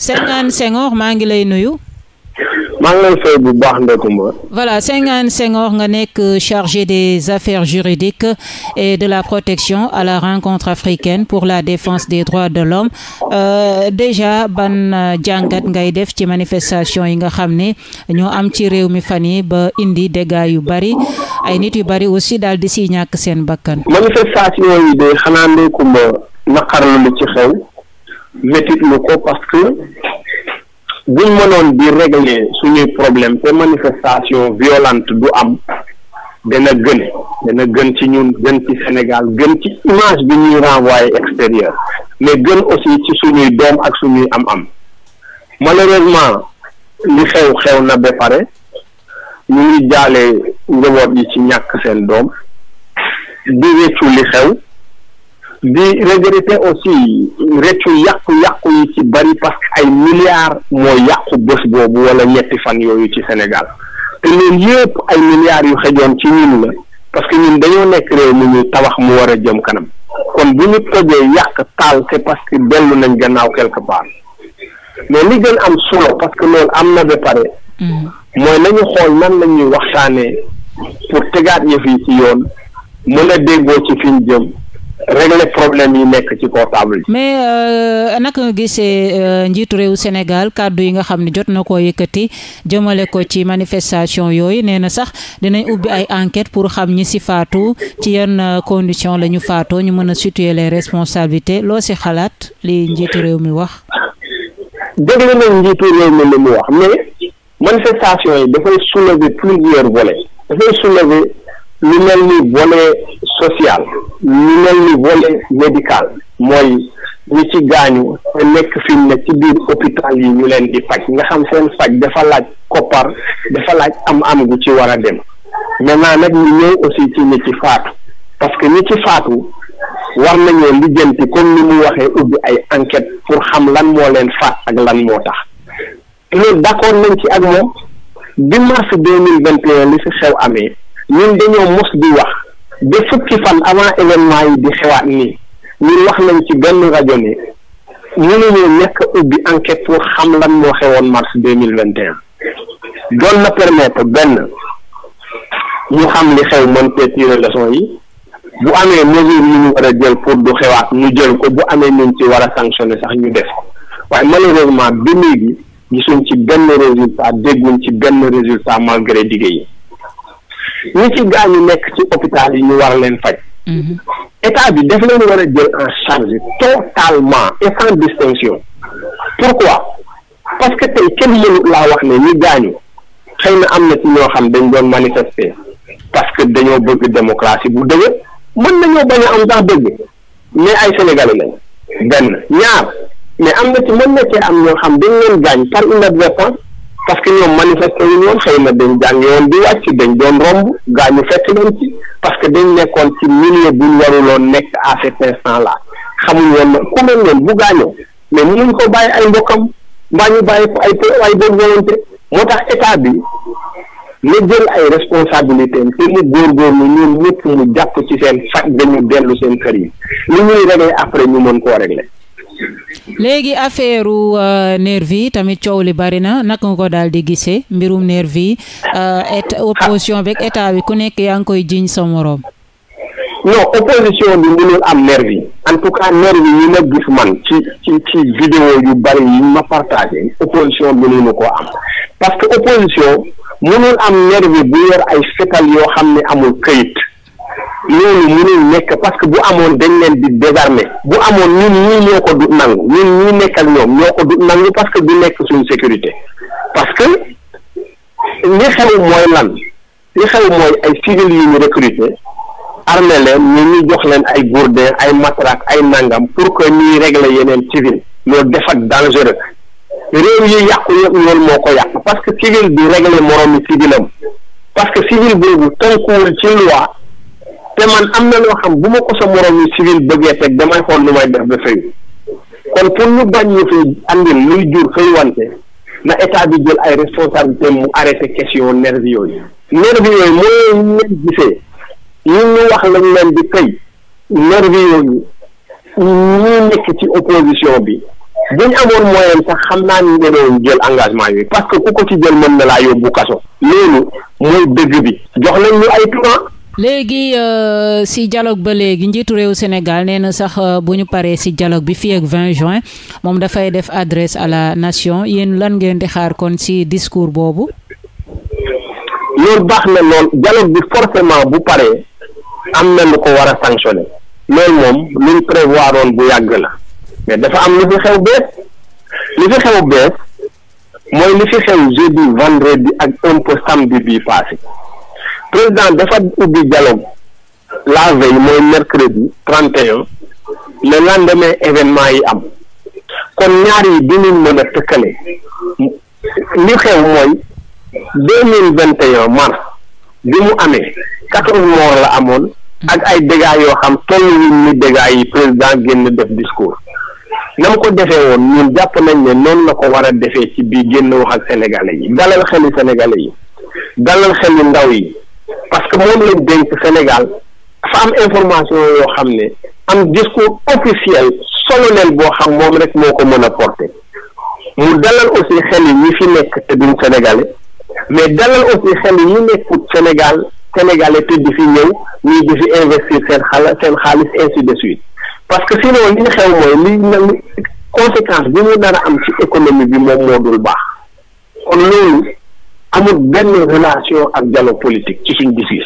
Senghane Senghor maa ngi lay nuyu. maa ngi lay fay bu baax Ndeye Comba. voilà Senghane Senghor nga nekk euh, chargé des affaires juridiques et de la protection à la rencontre africaine pour la défense des droits de l'homme euh, déjà ban euh, jàngat ngay def ci manifestation yi nga xam ne ñoo am ci réew mi fan ba indi dégâts yu bari ay nit yu bari aussi daal di siy ñàkk seen bakkan. manifestation yi de xanaa Ndeye Comba naqar lu ci xew. métit lu ko parce que buñ mënoon di régler suñuy problème te manifestation violente du am dana gën dana gën ci ñun gën ci Sénégal gën ci image bi ñuy renvoyer extérieur mais gën aussi ci suñuy doom ak suñuy am-am malheureusement li xew xew na ba pare ñu ngi jaale njaboot yi ci ñàkk seen doom di wéccu li xew di regretter aussi réccu yàqu-yàqu yi ci bari parce ay milliards moo yàqu bés boobu wala ñetti fan yooyu ci Sénégal te loolu yëpp ay milliards yu xejoon ci ñun la parce que ñun dañoo nekk réew mi ñu tabax mu war a jëm kanam kon bu ñu tojee yàq taal c'est parce que dellu nañ gannaaw quelque part mais li gën am solo parce que loolu am na ba pare mm. moo nañu xool nan la ñuy waxtaanee pour tegaat yëf yi ci yoon mën a déggoo ci fi jëm régler problème yi nekk ci kaw table mais euh, naka nga gisee euh, njiitu réew Sénégal kàddu yi nga xam ne jot na ko yëkkati jëmale ko ci manifestation yooyu nee na sax dinañ ubbi ay enquête pour xam ñi si faatu ci yan euh, condition lañu faatoo ñu mën a situer les responsabilités loo si xalaat li njiitu réew mi wax. déglu nañ njiitu réew mi li mu wax mais manifestation yi dafay soulever plusieurs volets dafay soulever. lu mel ni volet social lu mel ni volet médical mooy ñi ci gaañu te nekk fi mu ne ci biir hôpital yi ñu leen di paj nga xam seen faj dafa laaj koppar dafa laaj am am gu ci war a dem maintenant nag ñu ñëw aussi ci ñi ci faatu parce que ñi ci faatu war nañoo lijjanti comme ni mu waxee ubbi ay enquête pour xam lan moo leen faat ak lan moo tax loolu d'accord nañ ci ak moom bi mars deux mille vingt et un li fi xew amee ñun dañoo mos di wax ba fukki fan avant événement yi di xewaat nii ñun wax lañ ci benn rajo ne mënuñoo nekk ubbi enquête pour xam lan moo xewoon mars deux mille vingt et un doon na permettre benn ñu xam li xew mën te tirer leçon yi bu amee mesure yi ñu war a jël pour du xewaat ñu jël ko bu amee ñu ci war a sanctionné sax ñu def ko waaye malheureusement ba léegi gisuñ ci benn résultat dégguñ ci benn résultat malgré dige yi ñi ci gaañu nekk ci hôpital yi ñu war leen faj. Mhm. état bi daf leen war a jël en charge totalement et sans distinction pourquoi parce que tey kenn mënut laa wax ne ñu gaañu xëy na am na ci ñoo xam dañ doon manifester parce que dañoo bëgg démocratie bu dëgër mën nañoo bañ a am sax dëgg mais ay sénégalais lañ benn ñaar mais am na ci mën na cee am ñoo xam dañ leen gaañ par inadvertance parce que ñoom manifesté wu ñoon xëy na dañ jàng bi di wàcc dañ doon romb gaa ñu fekk leen ci parce que dañ nekkoon ci milieu buñ waruloon nekk à cet instant là xamuñ woon na ku mel noonu bu gaañoo mais mënuñ ko bàyyi ay mbokkam mbaa ñu bàyyi ko ay ay bonne volonté moo tax état bi na jël ay responsabilité am te mu góorgóorlu ñun ñëpp mu jàpp ci seen faj dañu dellu seen kër yi li ñuy régler après ñu mën koo régler léegi affaire euh, nervi yi tamit coow li bari na naka nga ko daal di gisee mbirum nervi yi euh, opposition beeg état bi ku nekk yaa ngi koy jiñ sa moroom. non opposition bi mënul am nervi en tout cas nervi yi ma gis man ci ci ci vidéo yu bari yi ma partagé opposition bi mënuñu koo am parce que opposition mënul am nervi bu yor ay fetal yoo xam ne amul këyit. loolu mënul nekk parce que bu amoon dañ leen di désarmer bu amoon ñun ñii ñoo ko du nangu ñun ñii nekk ak ñoom ñoo ko du nangu parce que du nekk suñu sécurité parce que li xew mooy lan li xew mooy ay civil yu ñu recruter armé leen ñu ñu jox leen ay gourdin ay matrak ay nangam pour que ñuy régler yeneen civil loolu dafa dangereux réew yi yàqu yëpp loolu moo ko yàq parce que civil bi régler moroom mi civilam parce que civil boobu tënkuwul ci loi te man am na loo xam bu ma ko sa morom yi civil bëggee teg damay xool lu may def ba fayu kon pour ñu bañ ñu fi andil luy jur xëy wante na état bi jël ay responsabilité mu arrêté question nervi yooyu nervi yooyu mooy ñu leen gisee ñu ñu wax lañ leen di tey nervi yooyu ñi nekk ci opposition bi buñ amoon moyen sax xam naa ni doon jël engagement yooyu parce que ku ko ci jël mën na laa yóbbu kaso loolu mooy dëgg bi jox nañ ñu ay turan léegi euh, si dialogue ba léegi njiitu réew Sénégal nee na sax euh, bu ñu paree si dialogue bi fii ak 20 juin moom dafay def adresse à la nation yéen lan ngeen di xaar kon si discours boobu. loolu baax na lool dialogue bi forcément bu paree am na lu ko war a sanctionné loolu moom luñ prévoir woon bu yàgg la mais dafa am lu fi xew bees lu fi xew bees mooy li fi xew jeudi vendredi ak un peu samedi bii président dafa ubbi dialogue la veille mooy mercredi trente et un le lendemain événement yi am kon ñaar yi dinañ mën a tëkkale li xew mooy deux mille vingt et mars bi mu amee quatorze morts la amoon ak ay dégâts yoo xam tolluwuñ ni dégâts yi président génn def discours na mu ko defee woon ñun jàpp nañ ne noonu la ko war a defee ci biir génn wax ak sénégalais yi dalal xelu sénégalais yi dalal xelu ndaw yi parce que moom lañ dénk Sénégal dafa am information yoo xam ne am discours officiel solennel boo xam moom rek moo ko mën a porter mu dalal aussi xel yi ñi fi nekk te duñ sénégalais mais dalal aussi xel yi ñi nekkut Sénégal sénégalais te di fi ñëw ñuy di fi investir sen xala seen xaalis ainsi de suite parce que sinon li xew mooy li nag conséquence bi mu nar a am ci économie bi moom moo dul baax kon loolu amul benn relation ak dialogue politique ci suñ gis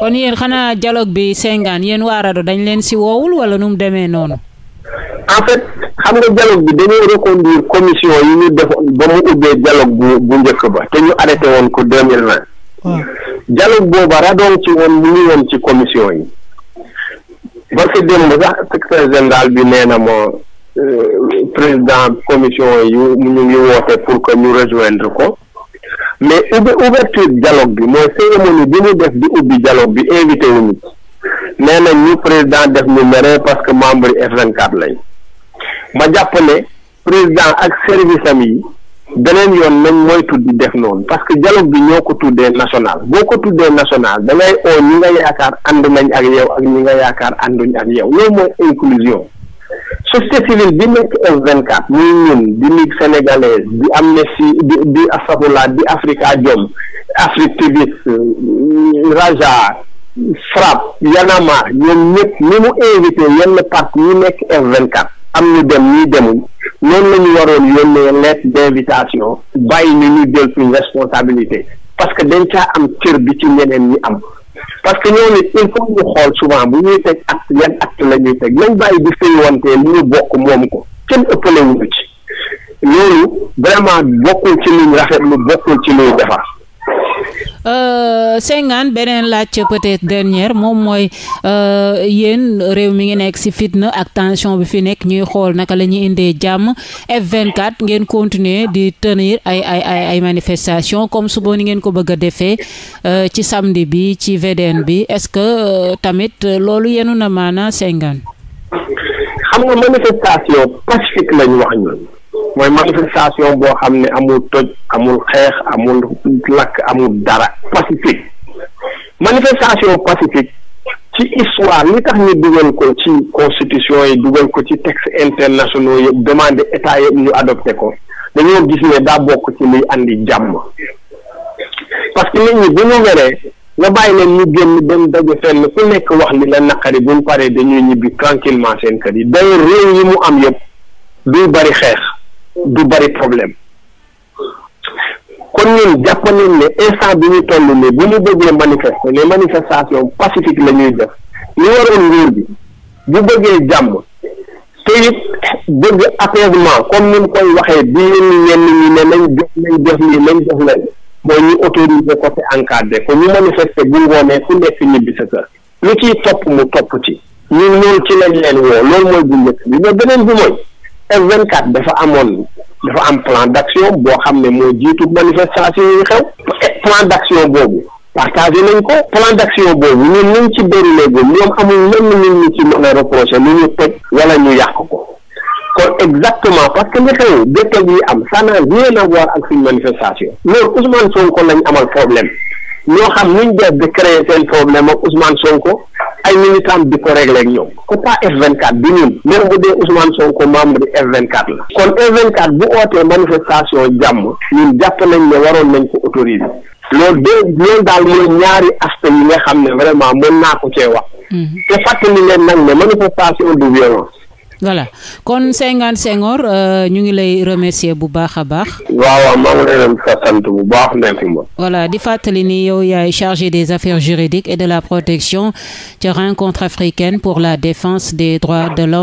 kon yéen xanaa dialogue bi Senghane yéen waa RADDHO dañ leen si woowul wala nu mu demee noonu. en fait xam nga dialogue bi dañoo reconduire commission yi ñu defoon ba mu ubbee dialogue bu bu njëkk ba te ñu arrêté woon ko deux mille vingt. dialogue booba radoon ci woon mu ngi woon ci commission yi. parce que démb sax secrétaire général bi nee na ma euh, président commission yi ñu ngi woote pour que ñu rejoindre ko. mais ubbi ouverture dialogue bi mooy cérémonie bi ñu def bi ubbi dialogue bi invité wu ñu nee nañ ñu président def ñu mere parce que membre yi F24 lañ ma jàpp président ak service am yi beneen yoon nañ mooy tuddi def noonu parce que dialogue bi ñoo ko tuddee national boo ko tuddee national da ngay oo ñi nga yaakaar ànd nañ ak yow ak ñi nga yaakaar ànduñ ak yow loolu mooy inclusion société civile bi nekk F24 muy ñun di Ligue sénégalaise di Amnesty di di Asafula di Afrikajom Africtivist Raja FRAPP Yanama ñoom ñëpp ni mu invité yenn parti yi nekk f quat am ñu dem ñuy demuñ noonu la ñu waroon yónnee lettre d'invitation bàyyi ñu ñu jël suñ responsabilité parce que dañ ca am cër bi ci ñeneen ñi am parce que ñoo ne il faut ñu xool souvent bu ñuy teg acte yan acte la ñuy teg nañ bàyyi di sëywantee li ñu bokk moom ko kenn ëppale wuñu ci loolu vraiment bokkul ci luñ rafetlu bokkul ci luy defar Euh, Senghane beneen laaj peut-être dernière moom mooy euh, yéen réew mi ngi nekk ci fitna ak tension bi fi nekk ñuy xool naka la ñuy indee jàmm F24 ngeen continuer di tenir ay ay ay ay manifestation comme suba ni ngeen ko bëgg a defee euh, ci samdi bi ci VDN bi est-ce que tamit loolu yenu na maana Senghane xam nga manifestation pacifique lañu wax ñun mooy manifestation boo xam ne amul toj amul xeex amul lakk amul dara pacifique manifestation pacifique ci histoire li tax ñu dugal ko ci constitution yi dugal ko ci texte internationaux yëpp demandé état yëpp ñu adopté ko dañoo gis ne daa bokk ci luy indi jàmm parce que nit ñi bu ñu weree nga bàyyi leen ñu génn dem daje fenn ku nekk wax li la naqari mu paree dañuy ñibbi tranquillement seen kër yi d'ailleurs réew yi mu am yëpp duy bari xeex du bari problème kon ñun jàpp nañ ne instant bi ñu toll nii bu ñu bëggee manifester les manifestations pacifique lañuy ñuy def li waroon nguur bi bu bëggee jàmm te it bëgg apaisement comme ni mu koy waxee bi ñu ñenn ñi ne nañ def nañ def lii nañ def lañ mooy ñu autoriser ko te encadré ko ñu manifester bu ngoonee ku nekk ñibbi sa kër lu ciy topp mu topp ci ñun loolu ci lañ leen woo loolu mooy bu njëkk bi mais beneen bi mooy F24 dafa amoon dafa am plan d'action boo xam ne moo jiitu manifestation yi xew plan d'action boobu partagé nañ ko plan d'action boobu ñun niñ ci déroulé gu ñoom amul lenn ñun ñu ci mën a reproché lu ñu toj wala ñu yàq ko kon exactement parce que li xew détag yi am ça n'a rien à voir ak suñ manifestation loolu Ousmane Sonko lañ amal problème ñoo xam nuñ def de créer seen problème ak Ousmane Sonko ay militant bi ko réglé ak ñoom COPPA F24 bi ñun même bu dee Ousmane Sonko membre du F24 la kon F24 bu ootee manifestation jàmm ñun jàpp nañ ne waroon nañ ko autoriser loolu de loolu daal mooy ñaari aspect yi nga xam ne vraiment mën naa ko cee wax mm-hmm. te fàttali leen nag ne manifestation de violence voilà kon Senghane Senghor euh, ñu ngi lay remercier bu baax a baax. waaw maa ngi leen di sant bu baax merci beaucoup. voilà di fàttali ni yow yaay chargé des affaires juridiques et de la protection ca rencontre africaine pour la défense des droits de l'homme